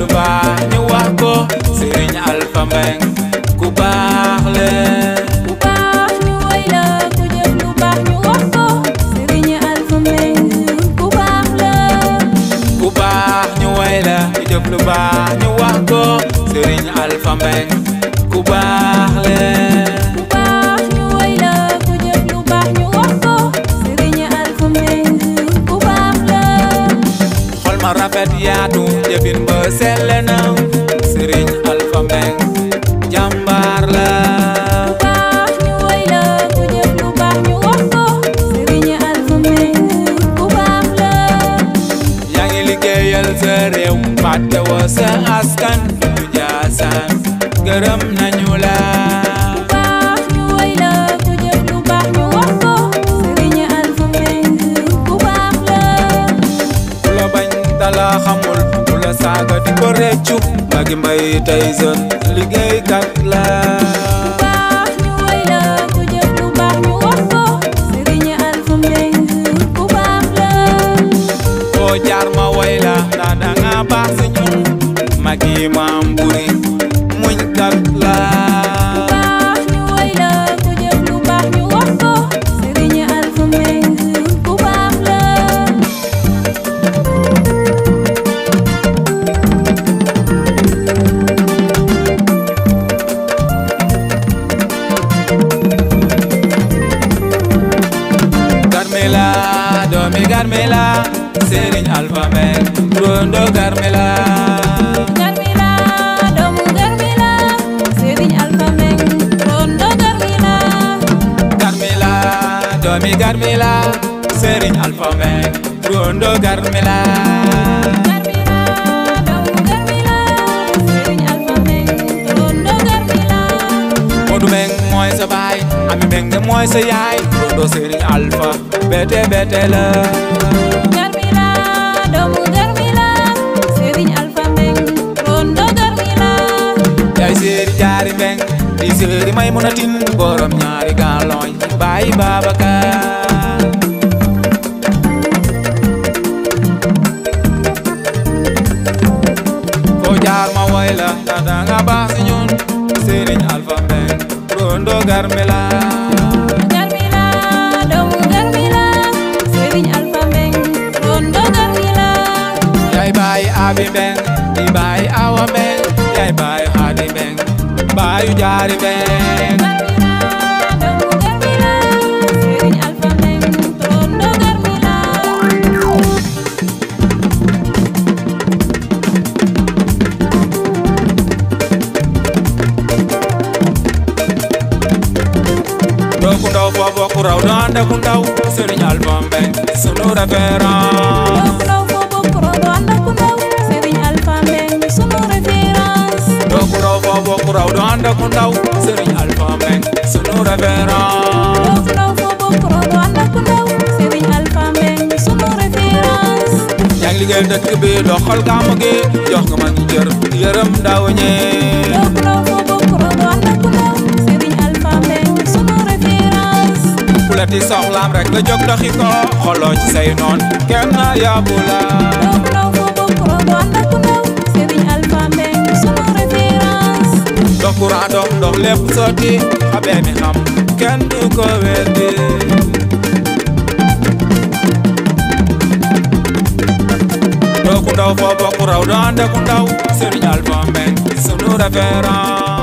lu baax ñu wax ko sëriñ Alpha Mbengue ku baax leen ku baax ñu woy la ku jëf lu baax ñu wax ko sëriñ Alpha Mbengue ku baax la ku baax ñu woy la ku jëf lu baax ñu wax ko sëriñ Alpha Mbengue ku baax leen Rafet yaatu jëfin ba sell na Sëriñ Alpha Mbeng jàmbaar la yaa ngi liggéeyal sa réew fàttewoo sa askan du jaasaan gërëm nañu la chúc mà kim bay tay dần liggéeykat laa Serigne Alpha Mbaye turando Carmela doomi Carmela Serigne Alpha men turando Carmela Modou men mooy se bay, Ami Mbengue mooy se yaay turando Serigne alfa bete bete la ñaari mbeng di seeri may muna tin borom ñaari gaalooñ bàyyi Babacar foo jaar ma woy la ndax danga baax si ñun Serigne Alpha Mbeng rondo garmela I've been bang How you got it, man? kundaw bobo kuraw danda kundaw seri nyal bambe sonora vera kundaw bobo kuraw danda ku raw foo bokk raw du ànd ak ku ndaw sëriñ Alpha Mbeng sunu référence. doxal gàmm gi jox nga ma ñu jër yërëm ndaw ñee. raw foo la ti soxlaam rek la jóg doxi ko xoloo ci say noon courant dox dox lépp sotti xabee mi xam kenn du ko weddi doo ku ndaw foo bokk raw doon de ku ndaw Serigne Alpha Mbengue sunu référent